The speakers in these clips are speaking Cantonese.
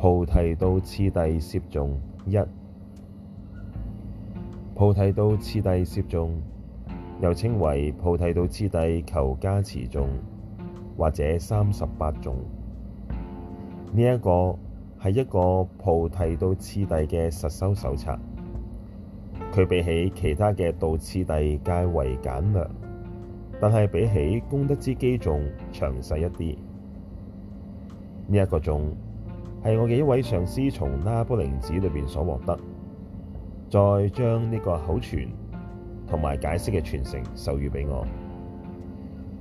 菩提道次第攝頌一，菩提道次第攝頌又稱為菩提道次第求加持頌，或者三十八頌。呢一個係一個菩提道次第嘅實修手冊。佢比起其他嘅道次第皆為簡略，但係比起功德之基仲詳細一啲。呢一個頌。係我嘅一位上師從拉卜楞寺裏邊所獲得，再將呢個口傳同埋解釋嘅傳承授予俾我。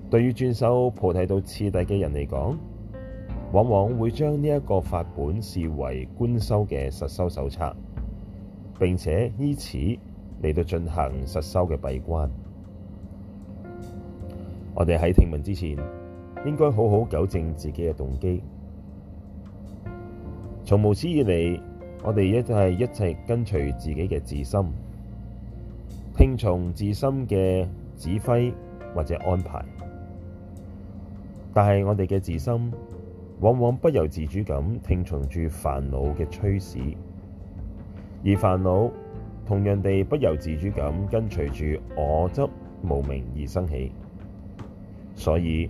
對於專修菩提道次第嘅人嚟講，往往會將呢一個法本視為觀修嘅實修手冊，並且依此嚟到進行實修嘅閉關。我哋喺聽聞之前，應該好好糾正自己嘅動機。從無始以來，我哋一直係一直跟隨自己嘅自心，聽從自心嘅指揮或者安排。但係我哋嘅自心，往往不由自主咁聽從住煩惱嘅驅使，而煩惱同樣地不由自主咁跟隨住我執無明而生起。所以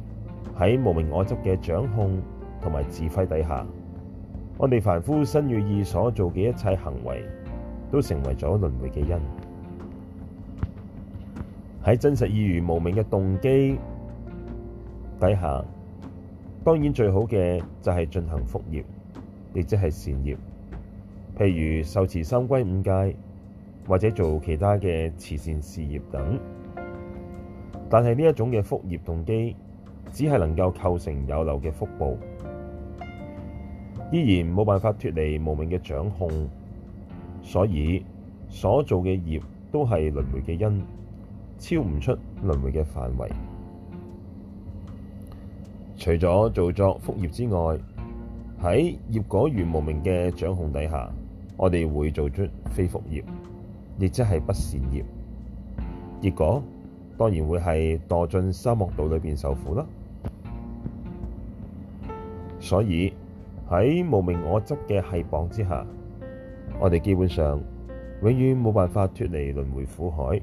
喺無明我執嘅掌控同埋指揮底下，我哋凡夫身與意所做嘅一切行為，都成為咗輪回嘅因。喺真實義愚無明嘅動機底下，當然最好嘅就係進行福業，亦即係善業，譬如受持三歸五戒，或者做其他嘅慈善事業等。但係呢一種嘅福業動機，只係能夠構成有漏嘅福報。依然冇辦法脱離無明嘅掌控，所以所做嘅業都係輪迴嘅因，超唔出輪迴嘅範圍。除咗造作福業之外，喺業果愚無明嘅掌控底下，我哋會做出非福業，亦即係不善業，結果當然會係墮進三惡道裏邊受苦啦。所以。喺無明我執嘅繫縛之下，我哋基本上永遠冇辦法脫離輪迴苦海，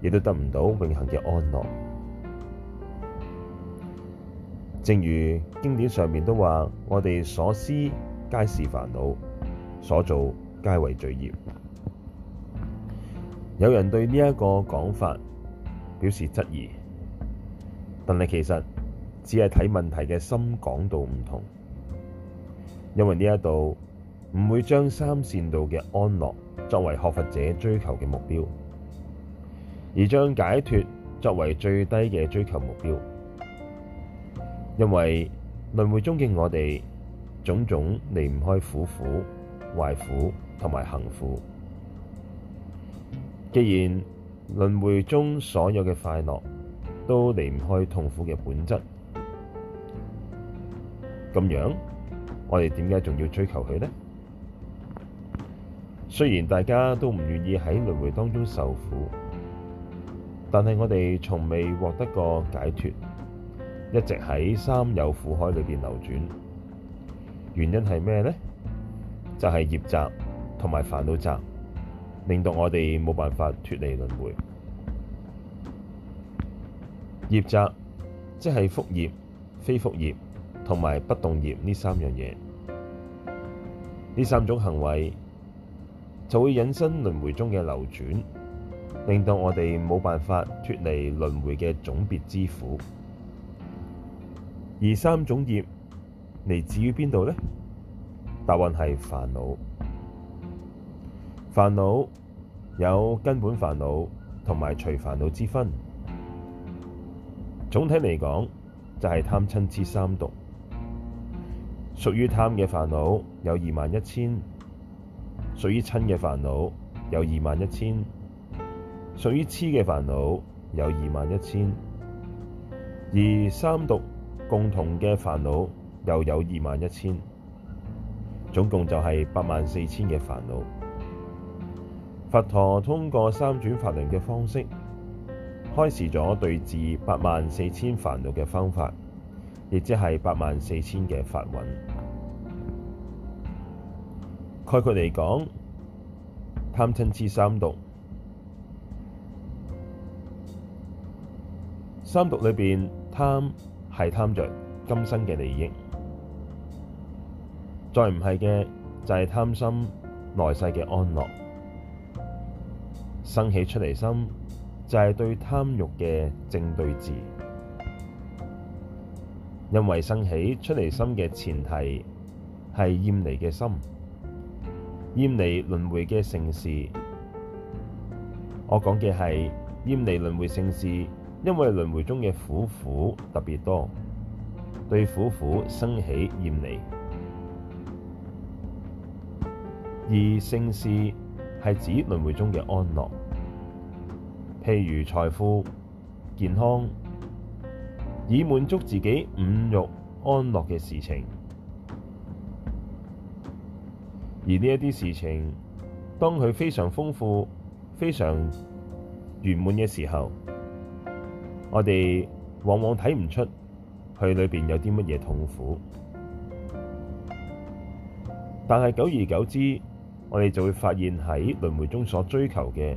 亦都得唔到永恆嘅安樂。正如經典上面都話：我哋所思皆是煩惱，所做皆為罪業。有人對呢一個講法表示質疑，但係其實只係睇問題嘅深廣度唔同。因為呢一度唔會將三善道嘅安樂作為學佛者追求嘅目標，而將解脱作為最低嘅追求目標。因為輪迴中嘅我哋種種離唔開苦苦、壞苦同埋行苦。既然輪迴中所有嘅快樂都離唔開痛苦嘅本質，咁樣。我哋點解仲要追求佢呢？雖然大家都唔願意喺輪迴當中受苦，但係我哋從未獲得過解脱，一直喺三有苦海裏邊流轉。原因係咩呢？就係、是、業集同埋煩惱集，令到我哋冇辦法脱離輪迴。業集即係福業、非福業。同埋不動業呢三樣嘢，呢三種行為就會引申輪迴中嘅流轉，令到我哋冇辦法脱離輪迴嘅總別之苦。而三種業嚟自於邊度呢？答案係煩惱。煩惱有根本煩惱同埋隨煩惱之分。總體嚟講就係貪嗔痴三毒。屬於貪嘅煩惱有二萬一千，屬於瞋嘅煩惱有二萬一千，屬於痴嘅煩惱有二萬一千，而三毒共同嘅煩惱又有二萬一千，總共就係八萬四千嘅煩惱。佛陀通過三轉法輪嘅方式，開示咗對治八萬四千煩惱嘅方法，亦即係八萬四千嘅法蘊。概括嚟講，貪嗔痴三毒。三毒裏邊，貪係貪着今生嘅利益，再唔係嘅就係貪心來世嘅安樂。生起出離心就係對貪欲嘅正對治。因為生起出離心嘅前提係厭離嘅心。厭離輪迴嘅盛事，我講嘅係厭離輪迴盛事，因為輪迴中嘅苦苦特別多，對苦苦生起厭離。而盛事係指輪迴中嘅安樂，譬如財富、健康，以滿足自己五欲安樂嘅事情。而呢一啲事情，當佢非常豐富、非常圓滿嘅時候，我哋往往睇唔出佢裏邊有啲乜嘢痛苦。但係久而久之，我哋就會發現喺輪回中所追求嘅，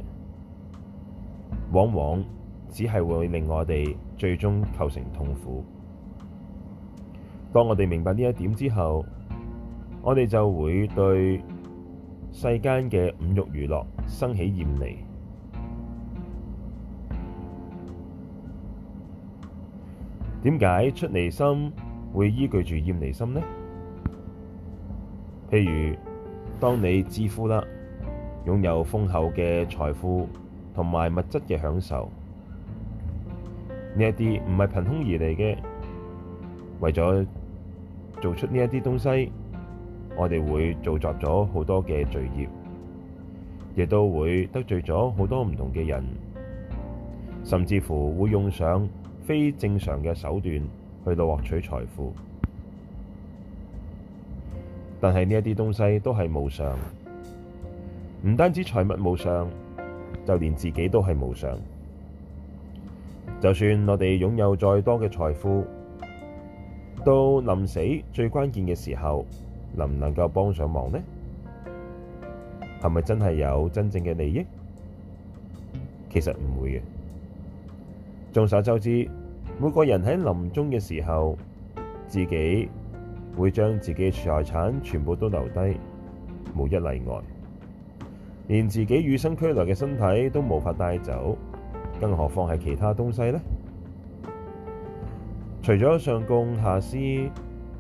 往往只係會令我哋最終構成痛苦。當我哋明白呢一點之後，我哋就會對世間嘅五慾娛樂生起厭離。點解出離心會依據住厭離心呢？譬如當你致富啦，擁有豐厚嘅財富同埋物質嘅享受，呢一啲唔係憑空而嚟嘅，為咗做出呢一啲東西，我哋會造作咗好多嘅罪業，亦都會得罪咗好多唔同嘅人，甚至乎會用上非正常嘅手段去到獲取財富。但係呢一啲東西都係無常，唔單止財物無常，就連自己都係無常。就算我哋擁有再多嘅財富，到臨死最關鍵嘅時候。能唔能夠幫上忙呢？係咪真係有真正嘅利益？其實唔會嘅。眾所周知，每個人喺臨終嘅時候，自己會將自己嘅財產全部都留低，無一例外。連自己與生俱來嘅身體都無法帶走，更何況係其他東西呢？除咗上供下施，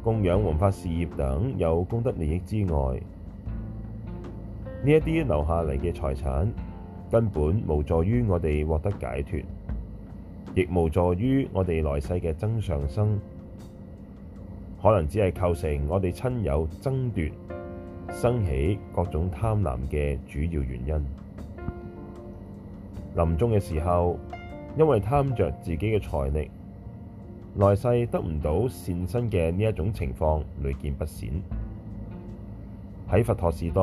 供養弘法事業等有功德利益之外，呢一啲留下嚟嘅財產，根本無助於我哋獲得解脫，亦無助於我哋來世嘅增上生，可能只係構成我哋親友爭奪、生起各種貪婪嘅主要原因。臨終嘅時候，因為貪着自己嘅財力。來世得唔到善身嘅呢一種情況，屢見不鮮。喺佛陀時代，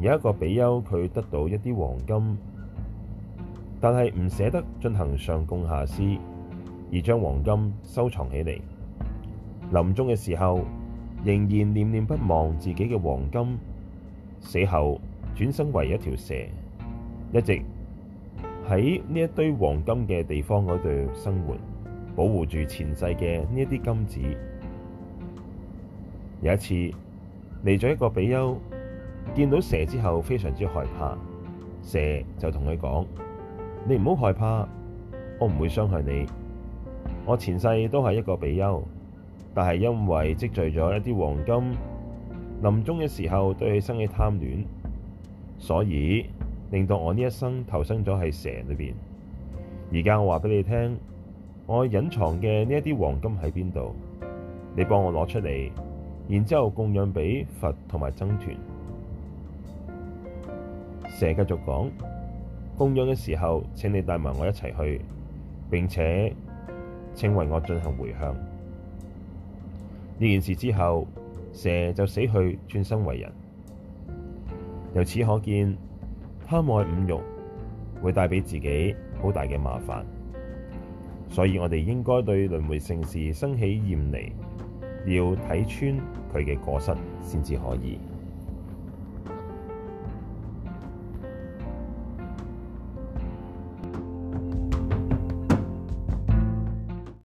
有一個比丘，佢得到一啲黃金，但係唔捨得進行上供下施，而將黃金收藏起嚟。臨終嘅時候，仍然念念不忘自己嘅黃金。死後轉生為一條蛇，一直喺呢一堆黃金嘅地方嗰度生活。保護住前世嘅呢啲金子。有一次嚟咗一個比丘，見到蛇之後非常之害怕。蛇就同佢講：「你唔好害怕，我唔會傷害你。我前世都係一個比丘，但係因為積聚咗一啲黃金，臨終嘅時候對佢生起貪戀，所以令到我呢一生投生咗喺蛇裏邊。而家我話俾你聽，我隱藏嘅呢一啲黃金喺邊度？你幫我攞出嚟，然之後供養俾佛同埋僧團。蛇繼續講，供養嘅時候，請你帶埋我一齊去，並且請為我進行回向。呢件事之後，蛇就死去，轉身為人。由此可見，貪愛五欲會帶俾自己好大嘅麻煩。所以我哋應該對輪迴盛事生起厭離，要睇穿佢嘅過失先至可以。